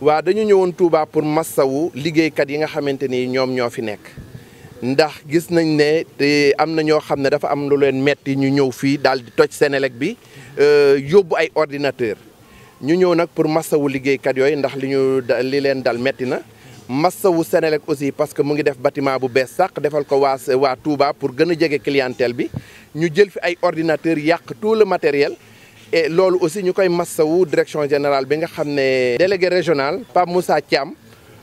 waa dañu ñëwoon Touba pour massawu liggéeykat yi nga xamante ni ñoom ñoo fi nekk ndax gis nañ ne te am na ñoo xam ne dafa am lu leen metti ñu ñëw fii daal di toj Senelec bi euh, yóbbu ay ordinateur ñu ñëw nag pour massawu liggéeykat yooyu ndax li ñu li leen dal metti na massawu Senelec aussi parce que mu ngi def bâtiment bu bees sàq defal ko waa waa Touba pour gën a jege clientèle bi ñu jël fi ay ordinateur yàq tout le matériel loolu aussi ñu koy massawu direction général bi nga xam ne délégué régional Pape Moussa Thiam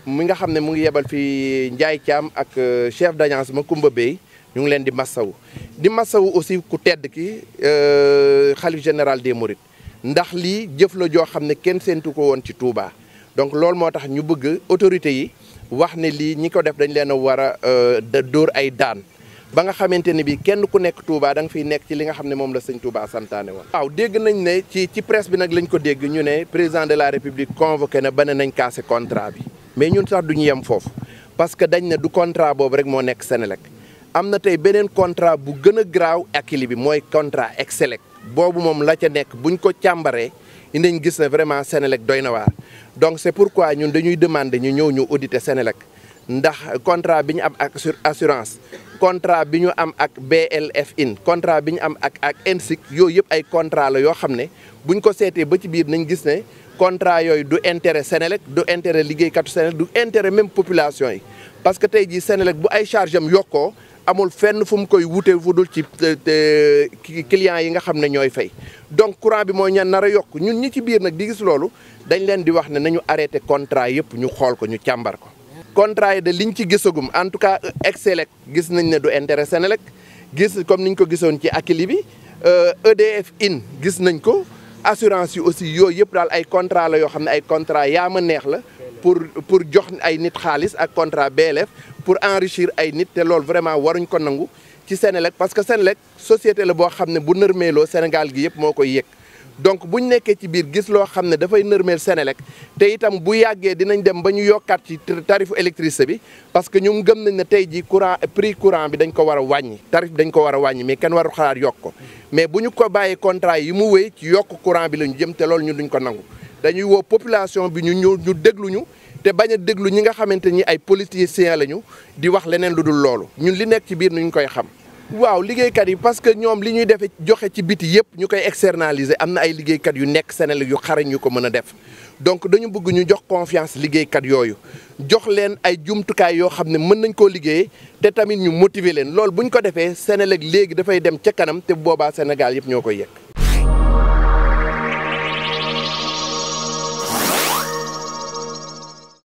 mi nga xam ne mu ngi yebal fi Ndiaye Thiam ak euh, chef ma Macoumba Bey ñu ngi leen di massawu di massawu aussi ku tedd ki euh, xalif général des Mourides ndax lii jëf la joo xam ne kenn séentu ko woon ci Touba donc loolu moo tax ñu bëgg autorités yi wax ne lii ñi ko def dañ leen a war a euh, dóor ay daan ba nga xamante ni bii kenn ku nekk tuubaa da nga fiy nekk ci li nga xam ne moom la sëñ Touba santaane woon. waaw dégg nañ ne ci ci presse bi nag lañ ko dégg ñu ne président de la république convoqué na ba ne nañ casser contrat bi mais ñun sax duñu yem foofu parce que dañ na du contrat boobu rek moo nekk Senelec am na tey beneen contrat bu gën a graaw Akilee bi mooy contrat Excelec boobu moom la ca nekk buñ ko càmbaree dinañ gis ne vraiment Senelec doy na waar donc c'est pourquoi ñun dañuy demander ñu ñëw ñu auditer Senelec ndax contrat bi ñu am ak assurance contrat bi ñu am ak BLF in contrat bi ñu am ak ak ENSIC yooyu yëpp ay contrat la yoo xam ne bu ñu ko seetee ba ci biir nañ gis ne contrat yooyu du intérêt Sénélec du intérêt liggéeykatu Sénélec du intérêt même population yi parce que tey jii Sénélec bu ay charge am yokkoo amul fenn fu mu koy wute fu dul ci clients yi nga xam ne ñooy fay donc courant bi mooy ñan nar a yokk ñun ñi ci biir nag di gis loolu dañ leen di wax ne nañu arrêté contrat yëpp ñu xool ko ñu càmbar ko contrat yi de liñ ci gisagum en tout cas Excelec gis nañ ne du intérêt Senelec gis comme niñ ko gisoon ci Akili bi EDF euh, e in gis nañ ko assurance yi aussi yooyu yëpp daal ay contrat la yoo xam ne ay contrat yaa ma neex la pour pour jox ay nit xaalis ak contrat BLF pour enrichir ay nit te loolu vraiment waruñ ko nangu ci Senelec parce que Senelec société la boo xam ne bu nërmeeloo Sénégal gi yëpp moo koy yëg donc bu ñu nekkee ci biir gis loo xam ne dafay nërmeel Senelec te itam bu yàggee dinañ dem ba ñu yokkaat ci tarifu électricité bi parce que ñoom gëm nañ ne tey jii courant pris courant bi dañ ko war a wàññi tarif bi dañ ko war a wàññi mais kenn warul xalaat yokk ko mais bu ñu ko bàyyi contrat yi mu wéy ci yokk courant bi lañu jëm te loolu ñun duñ ko nangu dañuy woo population bi ñu ñu ñu dégluñu te bañ a déglu ñi nga xamante ni ay politiciens lañu di wax leneen lu dul loolu ñun li nekk ci biir ñu koy xam waaw liggéeykat yi parce que ñoom li ñuy defee joxe ci biti yëpp ñu koy externaliser am na ay liggéeykat yu nekk Senelec yu xarañ ñu ko mën a def donc dañu bëgg ñu jox confiance liggéeykat yooyu jox leen ay jumtukaay yoo xam ne mën nañ koo liggéey te tamit ñu motiver leen lool bu ñu ko defee seneleg léegi dafay dem ca kanam te boobaa Sénégal yëpp ñoo koy yëg